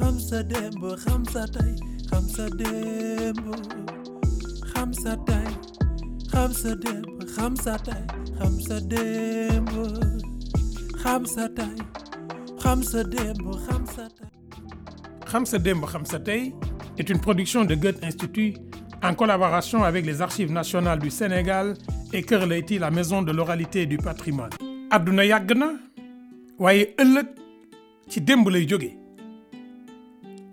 xam sa démb xam sa xam sa démb xam production de Goethe Institut en collaboration avec les Archives nationales du Sénégal et Kër Leyti la maison de l'oralité et du patrimoine. àdduna yàgg na ci démb lay jóge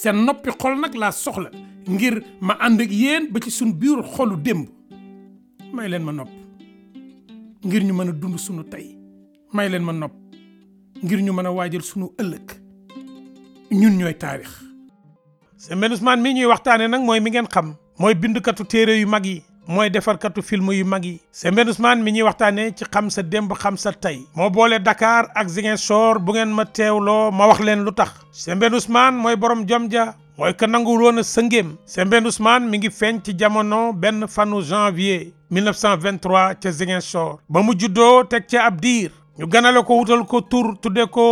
seen noppi xol nag laa soxla ngir ma ànd ak yéen ba ci suñ biir xolu démb may leen ma nopp ngir ñu mën a dund sunu tey may leen ma nopp ngir ñu mën a waajal sunu ëllëg ñun ñooy taarix. Sembène Ousmane mii ñuy waxtaanee nag mooy mi ngeen xam. mooy bindkatu téere yu mag yi. mooy defarkatu film yu mag yi Sembène Ousmane mi ñuy waxtaanee ci xam sa démb xam sa tey moo boole Dakar ak Ziguinchor bu ngeen ma teewloo ma wax leen lu tax Sembène Ousmane mooy borom jom ja mooy ka nanguwul woon a sëngéem Sembène Ousmane mi ngi feeñ ci jamono benn fanu janvier 1923 ca Ziguinchor ba mu juddoo teg ci ab diir ñu ganale ko wutal ko tur tuddee ko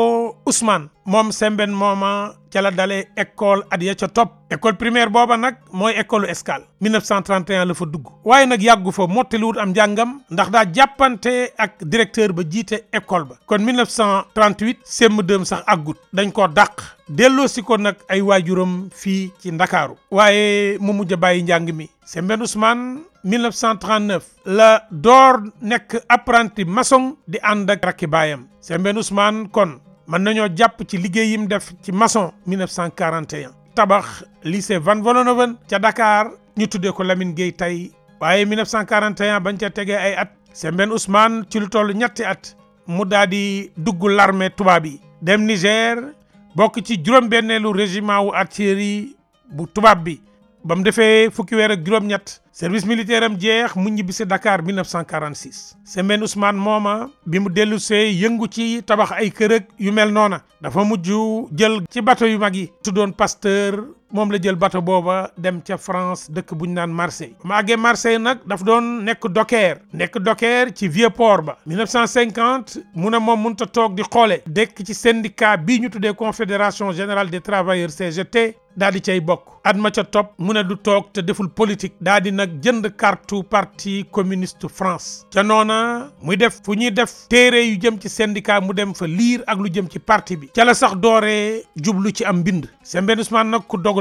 Ousmane moom Sembène mooma ca la dalee ecole at ya ca topp école primaire booba nag mooy école Escale 1931 la fa dugg waaye nag yàggu fa mottaliwut am njàngam ndax daa jàppante ak directeur ba jiite école ba kon 1938 semm dëm sax àggut dañ koo dàq delloo si ko nag ay waajuram fii ci Ndakaaru waaye mu mujj a bàyyi njàng mi Sembène Ousmane 1939 la door nekk apprenti maçon di ànd ak rakki baayam Sembène Ousmane kon mën nañoo jàpp ci liggéey yim def ci maçon 1941 tabax lycée Van Vollenhoven ca Dakar ñu tuddee ko Lamine géey tey waaye 1941 bañ ca tegee ay at Sembène Ousmane ci lu toll ñetti at mu daal di dugg l'armée tubaab yi dem Niger bokk ci juróom-benneelu régiment ci artillerie bu tubaab bi ba mu defee fukki weer ak juróom-ñett service militaire am jeex mu ñibbi ñibbisi Dakar 1946 semaine Ousmane Mooma bi mu dellu see yëngu ci tabax ay kër yu mel noona dafa mujj jël ci bato yu mag yi doon Pasteur moom la jël bato booba dem ca France dëkk bu ñu naan Marseille ma àggee Marseille nag daf doon nekk docker nekk docker ci vieux port ba 1950 mu ne moom mun a toog di xoole dekk ci syndicat bii ñu tuddee confédération générale des travailleurs CGT daa di cay bokk at ma ca topp mu ne du toog te deful politique daa di nag jënd kartu parti communiste France ca noona muy def fu ñuy def téere yu jëm ci syndicat mu dem fa liir ak lu jëm ci parti bi ca la sax dooree jublu ci am mbind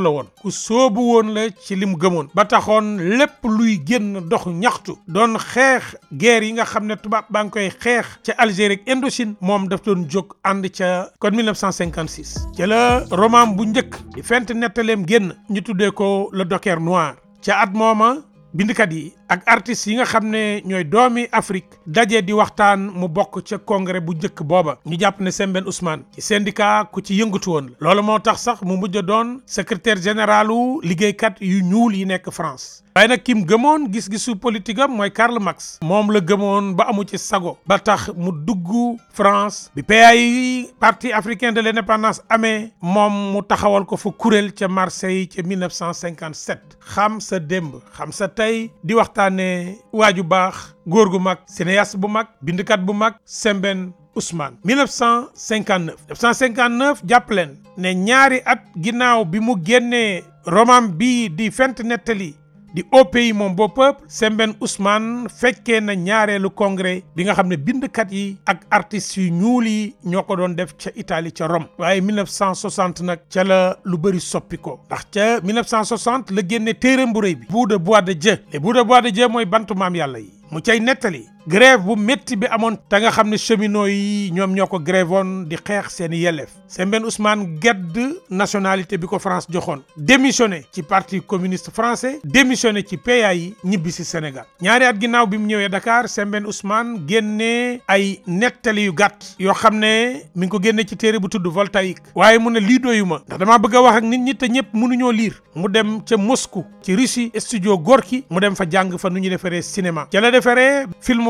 la woon ku soobu woon la ci lim gëmoon ba taxoon lépp luy génn dox ñaxtu doon xeex guerre yi nga xam ne tubaab baa ngi koy xeex ca Algérie ak Indochine moom daf doon jóg ànd ca kon 1956 ca la roman bu njëkk di fent nettaleem génn ñu tuddee ko le docker noir ca at mooma bindkat yi ak artistes yi nga xam ne ñooy doomi Afrique daje di waxtaan mu bokk ca congrès bu njëkk booba ñu jàpp ne Sembène Ousmane ci syndicat ku ci yëngatu woon la loolu moo tax sax mu mujj a doon secrétaire généralu liggéeykat yu ñuul yi nekk France waaye nag kim gëmoon gis-gisu politique am mooy Karl Marx moom la gëmoon ba amu ci sago ba tax mu dugg France bi PAI parti africain de l'indépendance amee moom mu taxawal ko fa kuréel ca Marseille ca 1957 xam sa démb xam sa tey di wax waxtaanee waaju baax góor gu mag cinéaste bu mag bindkat bu mag Sembène Ousmane 1959 1959 jàpp leen ne ñaari at ginnaaw bi mu génnee roman bi di fent nettali di OPI moom boo peuple Sembène Ousmane fekkee na ñaareelu congrès bi nga xam ne bindkat yi ak artistes yu ñuul yi ñoo ko doon def ca Italie ca Rome waaye 1960 nag ca la lu bëri soppi ko ndax ca 1960 la génne téeram bu bi bout de bois de Dieu les bout de bois de Dieu mooy bantu maam yàlla yi mu cay nettali grève bu métti bi amoon ta nga xam ne cheminots yi ñoom ñoo ko grève woon di xeex seen i yelleef Sembène Ousmane gedd nationalité bi ko France joxoon démissionné ci parti communiste français démissionné ci PAI ñibbi si Sénégal ñaari at ginnaaw bi mu ñëwee Dakar Sembène Ousmane génne ay nettali yu gàtt yoo xam ne mi ngi ko génne ci téere bu tudd voltaïque waaye mu ne lii doyu ma ndax damaa bëgg a wax ak nit ñi te ñëpp mënuñoo liir mu dem ca Moscou ci Russie studio Gorki mu dem fa jàng fa nu ñu defaree cinéma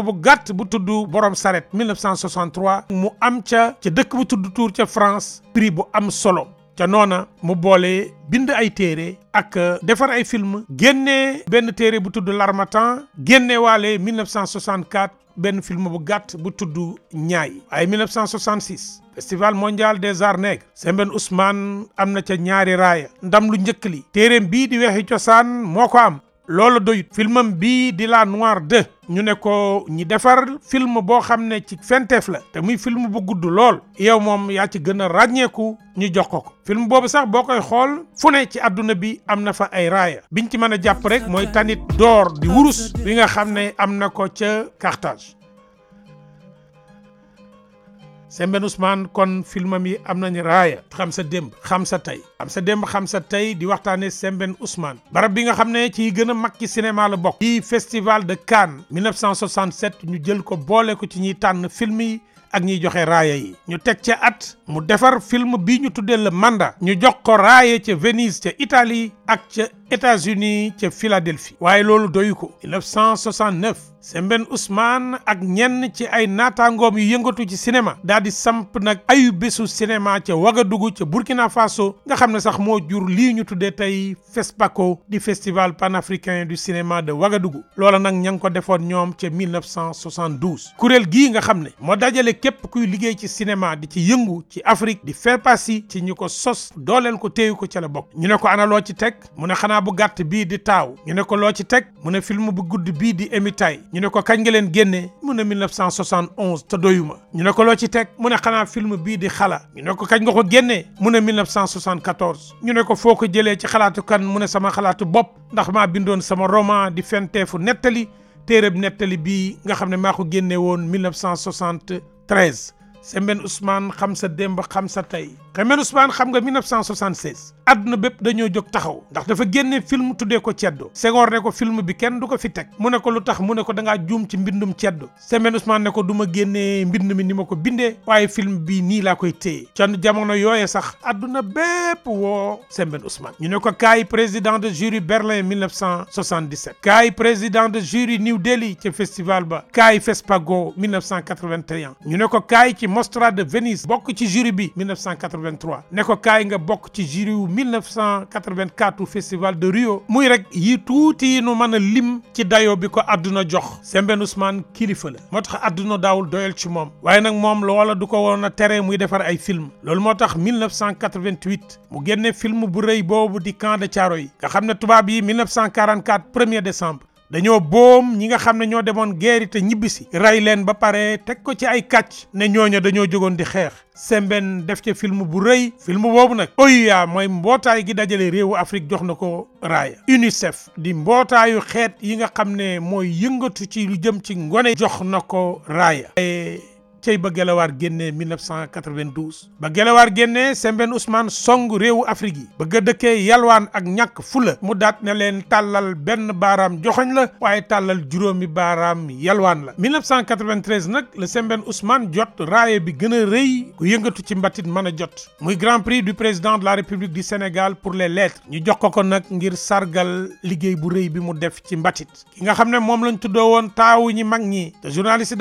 bu gàtt bu tudd borom saret 1963 mu am ca ca dëkk bu tudd Tours ca France prix bu am solo ca noona mu boole bind ay téere ak euh, defar ay film génnee benn téere bu tudd L'Harmattan génne waale 1964 benn film bu gàtt bu tudd Ñaay ay 1966 festival mondial des arts nègres Sembène Ousmane am na ca ñaari raaya ndam lu njëkk li téereem bii di cosaan moo ko am loolu doyut filmam bii di la noire 2 ñu ne ko ñi defar film boo xam ne ci fenteef la te muy film bu gudd lool yow moom yaa ci gën a ràññeeku ñu jox ko ko film boobu sax boo koy xool fu ne ci àdduna bi am na fa ay raaya biñ ci mën a jàpp rek mooy tanit d'or di wurus wi nga xam ne am na ko ca Carthage Sembène Ousmane kon filmam yi am nañu raaya xam sa démb xam sa tey xam sa démb xam sa tey di waxtaane Sembène Ousmane barab bi nga xam ne ci gën a mag ci cinéma la bokk ci festival de Cannes 1967 ñu jël ko boole ko ci ñuy tànn film yi ak ñiy joxe raaya yi ñu teg ca at mu defar film bi ñu tuddee Le Mandat ñu jox ko raaya ca Venise ca Italie ak ca États-Unis ca Philadelphie waaye loolu doyu ko 1969 Sembène Ousmane ak ñenn ci ay naataangoom yu yëngatu ci cinéma daal di samp nag ayu bésu cinéma ca Ouagadougou ca Burkina Faso nga xam ne sax moo jur lii ñu tuddee tey FESPACO di festival panafricain du cinéma de Ouagadougou loola nag ña ngi ko defoon ñoom ca 1972 kuréel gii nga xam ne moo dajale képp kuy liggéey ci cinéma di ci yëngu ci Afrique di faire partie ci ñu ko sos dooleel ko téyu ko ca la bokk ñu ne ko ana loo mu naa bu gàtt bii di taaw ñu ne ko loo ci teg mu ne film bu gudd bii di émitaay ñu ne ko kañ nga leen génnee mu ne 1971 te doyuma ñu ne ko loo ci teg mu ne xanaa film bii di xala ñu ne ko kañ nga ko génnee mu ne 1974 ñu ne ko foo ko jëlee ci xalaatu kan mu ne sama xalaatu bopp ndax maa bindoon sama roman di fu nettali téereb nettali bii nga xam ne maa ko génne woon 1973 Sembène Ousmane xam sa démb xam sa tey Sembène Ousmane xam nga 1976 àdduna bépp dañoo jóg taxaw ndax dafa génne film tuddee ko ceddo Senghor ne ko film bi kenn du ko fi teg mu ne ko lu tax mu ne ko da juum ci mbindum ceddo Sembène Ousmane ne ko duma ma génnee mi ni ma ko bindee waaye film bii nii laa koy téye ca jamono yooye sax adduna bépp woo Sembène Ousmane ñu ne ko kaay président de jury Berlin 1977 kaay président de jury New Delhi ca festival ba kaay Fespago 1981 ñu ne ko Mostra de Venise bokk ci jury bi 1983 ne ko kaay nga bokk ci jury wu 1984 festival de Rio muy rek yi tuuti yi nu mën a lim ci dayoo bi ko adduna jox Sembène Ousmane kilifa la moo tax àdduna daawul doyal ci moom waaye nag moom loola du ko woon a tere muy defar ay film loolu moo tax 1988 mu génne film bu rëy boobu di Camp de Thiaroye yi nga xam ne tubaab yi 1944 1er décembre dañoo boom ñi nga xam ne ñoo demoon guerre te ñibbisi rey leen ba pare teg ko ci ay kàcc ne ñooña dañoo jógoon di xeex Sembène def ce film bu rëy film boobu nag OUA mooy mbootaay gi dajale réewu Afrique jox na ko raaya UNICEF di mbootaayu xeet yi nga xam ne mooy yëngatu ci lu jëm ci ngone jox na ko raaya cey ba Gélawar génnee 1992 ba Gélawar génnee Sembène Ousmane song réewu Afrique yi bëgg a dëkkee yalwaan ak ñàkk fula mu dat na leen tàllal benn baaraam joxoñ la waaye tàllal juróomi baaraam yalwaan la 1993 nag la Sembène Ousmane jot raaye bi gën a rëy ku yëngatu ci mbatit mën a jot muy grand prix du président de la République du Sénégal pour les lettres ñu jox ko ko nag ngir sargal liggéey bu rëy bi mu def ci mbatit ki nga xam ne moom lañ tuddoo woon taawu ñi mag ñi te journaliste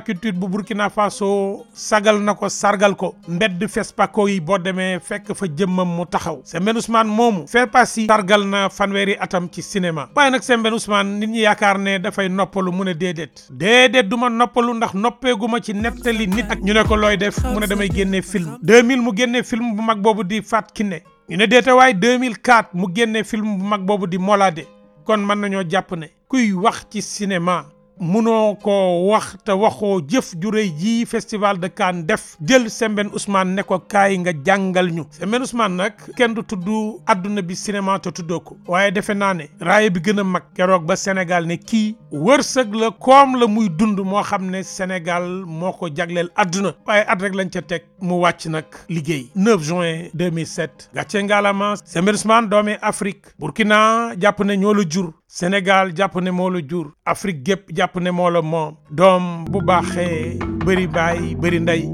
culture bu Burkina Faso sagal na ko sargal ko mbedd FESPACO yi boo demee fekk fa jëmmam mu taxaw Sembène Ousmane moomu FEPAS yi sargal na fanweeri atam ci cinéma waaye nag Sembène Ousmane nit ñi yaakaar ne dafay noppalu mu ne déedéet déedéet du ma noppalu ndax noppeeguma ci nettali nit ak ñu ne ko looy def mu ne damay génnee film 2000 mu génnee film bu mag boobu di Fat Kiné ñu ne déete waay 2004 mu génnee film bu mag boobu di Molade kon mën nañoo jàpp ne kuy wax ci cinéma munoo ko wax te waxoo jëf ju rëy ji festival de Cannes def jël Sembène Ousmane ne ko kaay nga jàngal ñu Sembène Ousmane nag kenn du tudd adduna bi cinéma te tuddoo ko waaye defe naa ne raaya bi gën a mag keroog ba Sénégal ne kii wërsëg la kom la muy dund moo xam ne Sénégal moo ko jagleel adduna waaye at rek lañ ca teg mu wàcc nag liggéey 9 juin 2007 gàcce ngaalama Sembène Ousmane doomi Afrique Burkina jàpp ne ñoo la jur Sénégal jàpp ne moo la jur Afrique gépp jàpp ne moo la moom doom bu baaxee bëri baay bëri ndey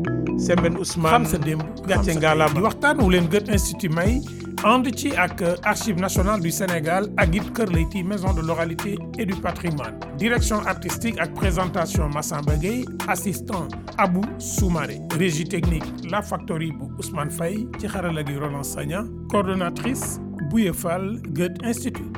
Sembène Ousmane xam sa démb gàcce ngaalaama di waxtaan wu leen Goethe Institut may ànd ci ak Archives nationales du Sénégal ak it Kër Leyti maison de l'oralité et du patrimoine direction artistique ak présentation Massamba Gueye assistant Abou Soumaré régie technique La Factory bu Ousmane Faye ci xarala gi Roland Sagna coordonnatrice Bouye Fall Institut